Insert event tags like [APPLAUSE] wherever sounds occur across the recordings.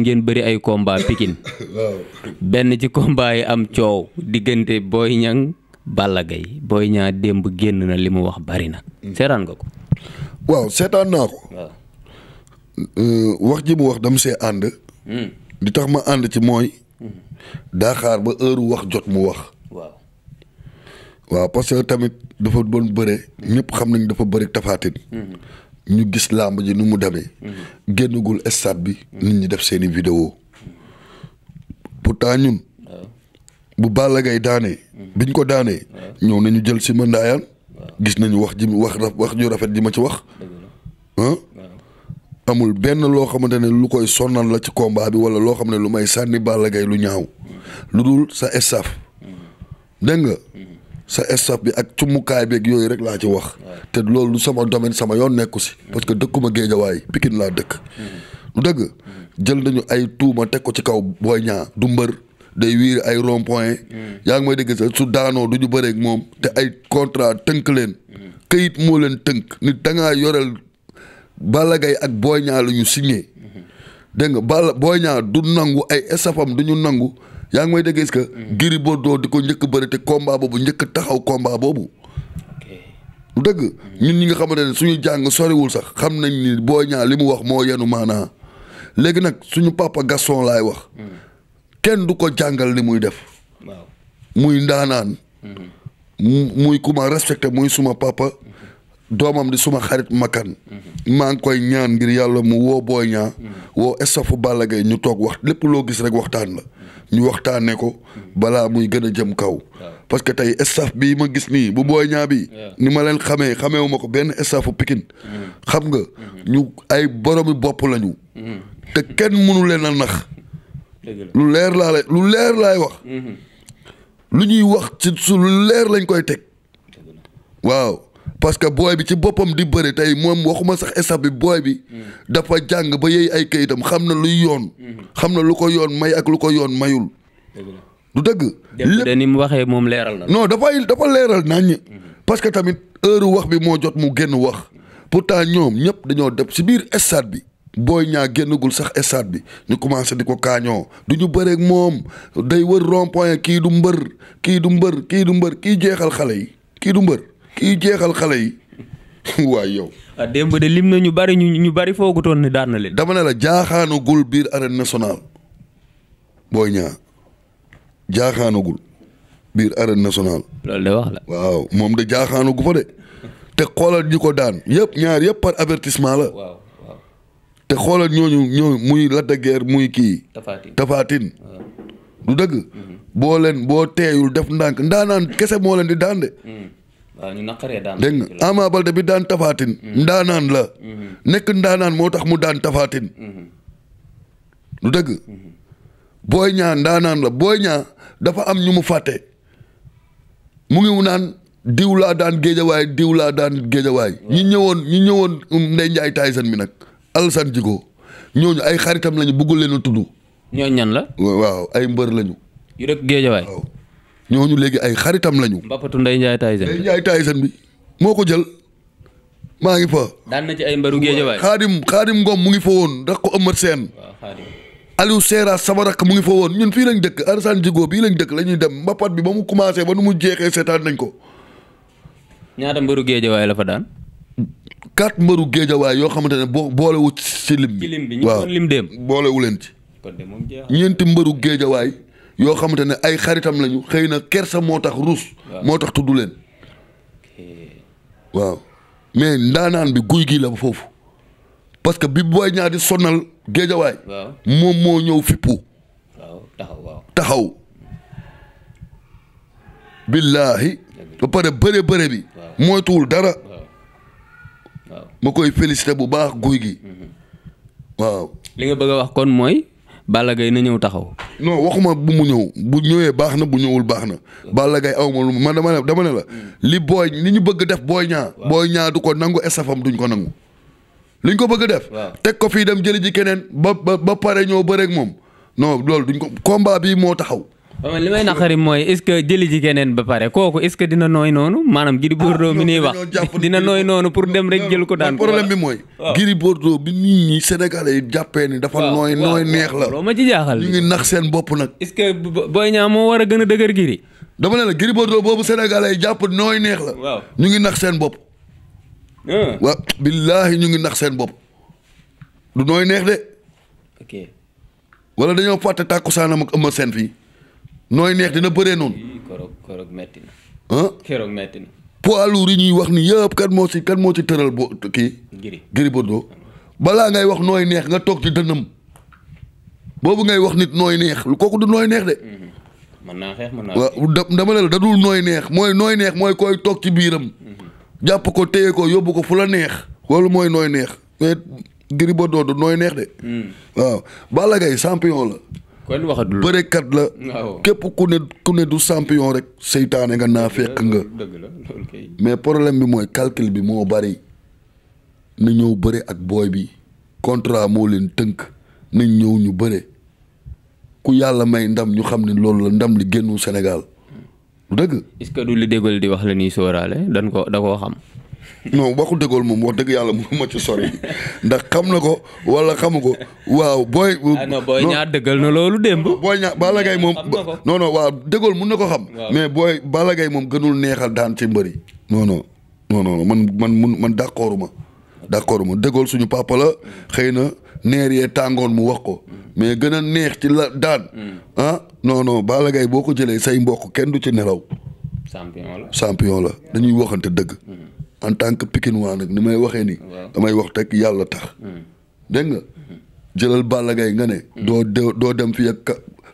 ngeen bëri ay combat Pikine [COUGHS] benn ci combat yi am coow diggante booy Niang Balla Gaye Boy Niang démb génn na li mu wax bari na mm. seetaan nga ko waaw seetaan naa ko euh, wax ji mu wax dam see ànd di mm. tax ma ànd ci mooy mm. daa ba heure wax jot mu wax waaw waaw parce tamit dafa doon bëre ñëpp xam nañ dafa bëri tafaatin ñu gis làmb ji ni mu demee. génnagul stade bi. nit ñi def seeni vidéo pourtant ñun. bu Balla gay daanee. biñ ko daanee. ñëw nañu jël si ma gis nañu wax ji wax wax ju rafet ji ma ci wax. amul benn loo xamante ne lu koy sonnal la ci combat bi wala loo xam ne lu may sànni Balla Gaye lu ñaaw. lu dul sa staff. dégg nga. sa staff bi ak cumukaay beeg yooyu rek laa ci wax. te loolu lu sama domaine sama yoon nekku si. Mm-hmm. parce que dëkkuma géejawaay Pikine laa dëkk. Mm-hmm. lu dëgg mm-hmm. jël nañu ay tuuma teg ko ci kaw booy ñaa du mbër day wiiri ay rond point. yaa ngi may dégg sax su daanoo du ñu bëreeg moom te ay contrat tënk leen. këyit moo leen tënk. nit da ngaa yoreel Balla Gaye ak booy ñaa la ñu signé. nga Balla booy ñaa du nangu ay staffam du ñu nangu. yaa ngi may dégg est-ce que. Mm. boo doo di ko njëkk bëri te combat boobu njëkk taxaw kombaa boobu. dëgg mm. ñun ñi nga xamante ne suñu jàng soriwul sax xam nañ ni booy Niang li mu wax moo yenu maanaa léegi nag suñu papa Gaston laay wax. Mm. kenn du ko jàngal ni muy def. waaw muy ndaanaan. Mm-hmm. muy ku ma muy suma papa. Mm-hmm. doomam di suma xarit makan mm-hmm. maa ngi koy ñaan ngir yàlla mu woo Boy Niang woo estafu Balla Gaye ñu toog wax lépp loo gis rek waxtaan la ñu waxtaanee ko balaa muy gën a jëm kaw. parce que tey estaf bii ma gis nii bu booy ñaa bi ni ma leen xamee xameewu ma ko benn estafu Pikine mm-hmm. xam nga mm-hmm. ñu ay boromi bopp lañu. Mm-hmm. te kenn mënu leen a nax. lu leer laa lay lu leer laay wax. lu ñuy wax ci su lu leer lañ koy teg waaw. parce que booy bi ci boppam di bëri tey moom waxuma sax étape bi booy bi. dafa jàng ba yey ay kayitam xam na luy yoon. xam na lu ko yoon may ak lu ko yoon mayul. du dëgg. lépp de ni mu waxee moom leeral na. non dafay dafa leeral naññ. parce que tamit heure wax bi moo jot mu génn wax pour pourtant ñoom ñëpp dañoo def si biir stade bi. booy ñaa génnagul sax stade bi ñu commencé di ko kaañoo du ñu bëreeg moom day wër rond kii du mbër kii du mbër kii du mbër kii jeexal xale yi kii du mbër. kii jeexal xale yi [LAUGHS] waay yow. Ah, démb de lim na ñu bari ñu ñu bari foogutoon ne daan na leen. dama ne la jaaxaanugul biir arène nationale Boy Niang jaaxaanugul biir arène nationale. loolu de wax la. waaw moom de jaaxaanagu fa de te xoolal ñi ko daan yëpp ñaar yëpp par avertissement la. waaw waaw te xoolal ñooñu ñoo muy Lac de muy kii. Tapha Tine du dëgg. Mm-hmm. boo leen boo teeyul def ndànk ndaanaan kese moo leen di daan de. Mm. waaw ñu naqaree daan dégg bi daan tafaatin mm-hmm. ndaanaan la mm-hmm. nekk ndaanaan moo tax mu daan tafaatin mm-hmm. lu dëgg booy ñaa ndaanaan la booy ñaa dafa am ñu mu fàtte mu ngi naan diw laa daan géejawaay diw laa daan géejawaay ñi ñëwoon ñi ñëwoon um, Ndeye Ndiaye Tyson bi nag Alassane jiko ñooñu ay xaritam lañu bëggul leen a tudd ñooñu ñan la waaw ay mbër lañu yu rek géejawaay ñu léegi ay xaritam lañu. Mbapatu Ndeye Ndiaye Tyson. Ndeye Ndiaye Tyson bi moo ko jël maa ngi fa. daan na ci ay mbaru géejawaay. xaadim xaadim Ngom mu ngi fa woon rax ko Omar Sène. Aliou Seera sama rakk mu ngi fa woon ñun fii lañ dëkk Arsane Djigo bii lañ dëkk lañuy dem mbapat bi ba mu commencé ba nu mu jeexee seetaan nañ ko. ñaata mbaru géejawaay la fa daan. quatre mbaru géejawaay yoo xamante ne boo boolewut ci lim bi. ci lim bi ñu doon lim dem waaw boolewu leen ci. ñeenti mbaru géejawaay yoo xamante ne ay xaritam lañu xëy na kersa moo tax ruus. moo tax tudd leen. waaw mais ndaanaan bi guy gii la ba foofu parce que bi booy ñaar di sonal géejawaay. moom moo ñëw fippu. taxaw taxaw. billaahi. ba pare bëre bëre bi. moytuwul dara. ma koy félicité bu baax guy gi. Mhm. waaw. li nga bëgg a wax kon mooy Balla Gaye na ñëw taxaw. non waxuma bu mu ñëw bu ñëwee baax na bu ñëwul baax na. Balla Gaye aw ma lu ma dama ne dama ne la. li booy li ñu bëgg def booy ñaa. booy ñaa du ko nangu estafam duñ ko nangu. liñ ko bëgg def. teg ko fii dem jëli ji keneen ba ba ba pare ñoo bëreeg moom non loolu duñ ko combat bii moo taxaw. waaw li may naqari mooy est-ce que jëli ji keneen ba pare kooku est-ce que dina nooy noonu maanaam Gris Bordeaux mi nii wax dina nooy noonu pour dem rek jël ko daan problème bi mooy Gris Bordeaux bi nit ñi Sénégalais yi jàppee ni dafa nooy nooy neex la loolu ma ci jaaxal ñu ngi nax seen bopp nag est-ce que Boy Niang moo war a gën a dëgër Gris dama ne la Gris Bordeaux boobu Sénégalais yi jàpp nooy neex la waaw ñu ngi nax seen bopp waaw billaahi ñu ngi nax seen bopp du nooy neex de ok wala dañoo fàtte tàkkusaanam ak Eumeu Sène fii nooy neex dina bëree noonu. keroog keroog metti na. ah keroog metti yi ñuy wax ni yëpp kan moo si kan moo ci tëral boo kii. Gris Gris balaa ngay wax nooy neex nga toog ci dënnam boobu ngay wax nit nooy neex lu kooku du nooy neex de. Mm-hmm. naa xeex mën dama ne la dadul nooy neex mooy nooy neex mooy koy toog ci biiram. Mm-hmm. jàpp ko téye ko yóbbu ko fu la neex. loolu mooy nooy neex mais Gris du nooy neex de. Mm. waaw Balla Gaye champion la. kon waxatul bërekat la. képp ku ne ku ne du sampion rek. seytaane nga naa fekk nga. dëgg la mais problème bi mooy calcul bi moo bari na ñëw bëre ak booy bi contrat moo leen tënk nañ ñëw ñu bëre ku yàlla may ndam ñu xam ne loolu la ndam li génnu senegal dëgg. est-ce que du li déggal di wax la ñuy sóoraale dañ ko da koo xam. non waxu dëggool moom wax dëgg yàlla mu ma ci sori ndax xam na ko wala xamu ko waaw booy. Ah, non booy ñaar dëggal na loolu démb. booy ñaar Balla moom non non waaw dëggool mun na ko xam. mais booy Balla moom gënul neexal daan ci mbari non noonu man man mun man d' accord ma d' accord ma dëggool suñu papa xëy na neer yee tàngoon mu wax ko mais gën a neex ci la daan. Mm. ah non non boo ko jëlee say mbokk kenn du ci nelaw. champion la champion la dañuy waxante dëgg. Mm. en tant que Pikinois nag ni may waxee nii. damay wax teg yàlla tax. Hmm. dégg hmm. jëlal Balla Gaye nga ne. Hmm. doo doo dem fii ak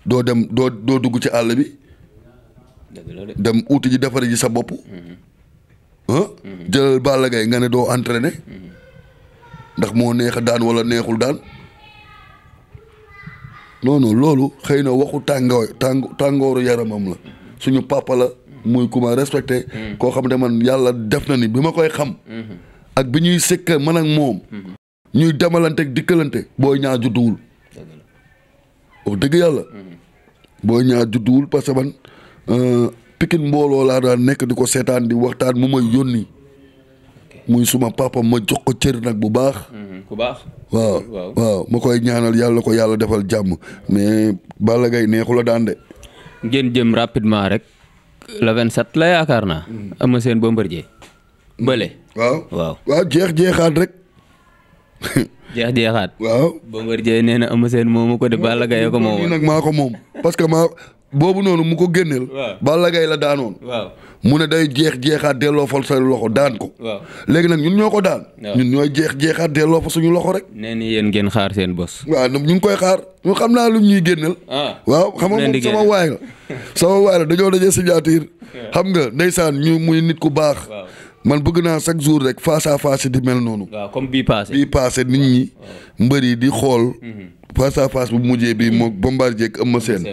doo dem doo doo dugg ci àll bi. dem uuti ji defari ji sa bopp. jëlal Balla Gaye nga ne doo entraîné. ndax moo neex a daan wala neexul daan. noonu loolu xëy na waxu tàngoo tàng tàngooru yaramam la suñu papa la muy ku ma respecté. Mm. koo xam ne man yàlla def na ni bi ma koy xam. Mm-hmm. ak bi ñuy sëkk man ak moom. Mm-hmm. ñuy demalanteeg dikkalante booy ñaar judduwul. wax dëgg yàlla. Mm-hmm. booy ñaar judduwul parce que man euh, pikin mbooloo laa daan nekk di ko seetaan di waxtaan mu may yónni. muy suma papa ma jox ko cër nag bu baax. ku baax. waaw ma koy ñaanal yàlla ko yàlla defal jàmm mais Balla Gaye neexu la daan de. ngeen jëm rapidement rek. le 27 la yaakaar naa. Mm. Eumeu Sène Bombardier mm. bële. waaw waaw waaw jeex jeexaat rek. [LAUGHS] jeex jeexaat. waaw Bombardier nee na Eumeu Sène moomu ko de Balla Gaye ko moom. nag maa ko moom parce que maa boobu noonu mu ko génneel. waaw Balla Gaye la daanoon. waaw mu ne day jeex jeexaat delloo fa sa loxo daan ko. léegi nag ñun ñoo ko daan. ñun ñooy jeex jeexaat delloo fa suñu loxo rek. nee ni yéen ngeen xaar seen bos. waaw ñu ngi koy xaar ñu xam naa lu ñuy génneel. Ah. waaw xam nga moom sama waay la. [LAUGHS] sama waay dañoo dajee signature. xam nga ndeysaan ñu muy nit ku baax. man bëgg naa chaque jour rek face à face di mel noonu. waaw comme bii passé nit ñi. mbër yi di xool. Mhm. face à face bu mujjee bi moog Bombardier ak Eumeu Sène.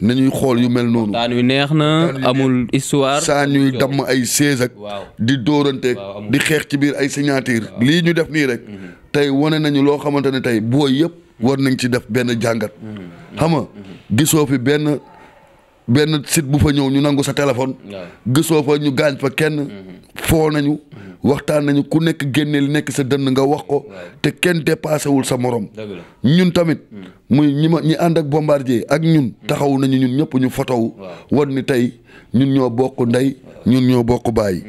nañuy xool yu mel noonu. daan yu neex na amul histoire. saa ñuy damm ay sées ak. di dóorante di xeex ci biir ay signature. lii ñu def nii rek. Mhm. tey wane nañu loo xamante ne tey boo yëpp war nañ ci def benn jàngat. Mhm. xam gisoo fi benn. benn site bu fa ñëw ñu nangu sa téléphone. gisoo fa ñu gaañ fa kenn. Mhm. foo nañu. Mhm. waxtaan nañu ku nekk génne li nekk sa dënn nga wax ko. te kenn dépassé wul sa morom. ñun tamit. Mhm. muy ñi ma ñi ànd ak bombardier ak ñun. taxaw nañu ñun ñëpp ñu fotow. wan ni tey ñun ñoo bokk ndey ñun ñoo bokk baay.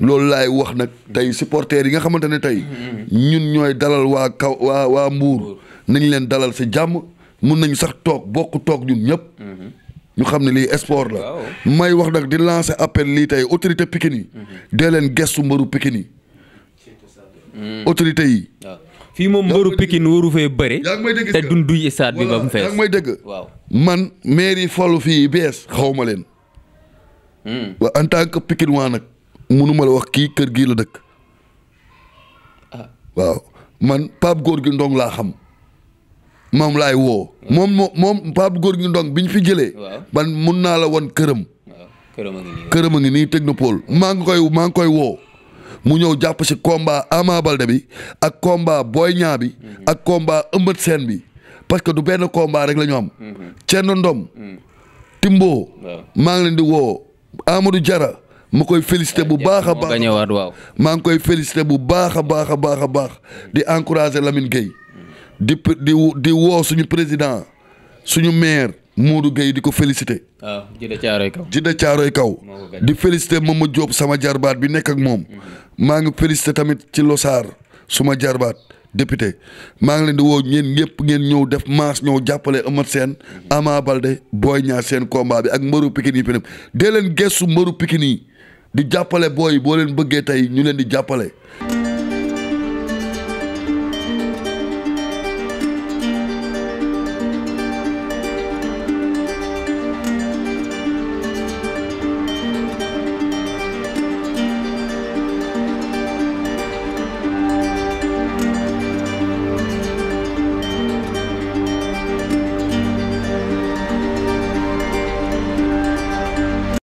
loolu laay wax nag tey supporters yi nga xamante ne tey. ñun ñooy dalal waa kaw waa waa mbuur nañ leen dalal si jàmm mun nañ sax toog bokk toog ñun ñëpp. ñu xam ne lii sport la. may wax nag di lancer appel lii tey autorité Pikine yi. Mhm. dee leen gestu mbaru Pikine yi. Mhm. autorité yi. fii moom mbëru Pikine waru fee bëre. yaa ngi may dégg te duñ duy stade bi ba mu fees. dégg. waaw man mairie falu fii bees xawma leen. Hmm. waaw en tant que waa nag munu la wax kii kër gii la dëkk. Ah. waaw man Pape gi Ndong laa xam. maam laay woo. moom moo moom Pape Góor gi Ndong bi ñu fi jëlee. ban mun naa la won këram. këram a ngi nii teg a pool maa ngi koy maa ngi koy woo. mu ñëw jàpp si combat Ama bi ak combat booy Niang bi. Mhm. ak combat Eumeu seen bi. parce que du benn combat rek la ñu am. Mhm. Thierno Ndom. Mhm. Timbo. maa ngi leen di woo Amadou jara ma koy félicité bu baax a baax maa ngi koy félicité bu baax a baax a baax a baax di encouragé Lamine Gueye. di di di woo suñu président suñu maire Modou Gueye di ko félicité. waaw ah, Jidda Caaroy Kaw. Kaw. di félicité ma Diop sama jarbaat bi nekk ak moom. Mm-hmm. maa ngi félicité tamit ci Losaar suma jarbaat député maa ngi leen di woo ñeen ñëpp ngeen ñëw def maas ñëw jàppale Eumeu Sène mm-hmm. Ama Baldé Boy Niang seen combat bi ak mbëru Pikine yi fi nekk dee leen gëstu mbëru Pikine yi di jàppale booy boo leen bëggee tey ñu leen di jàppale.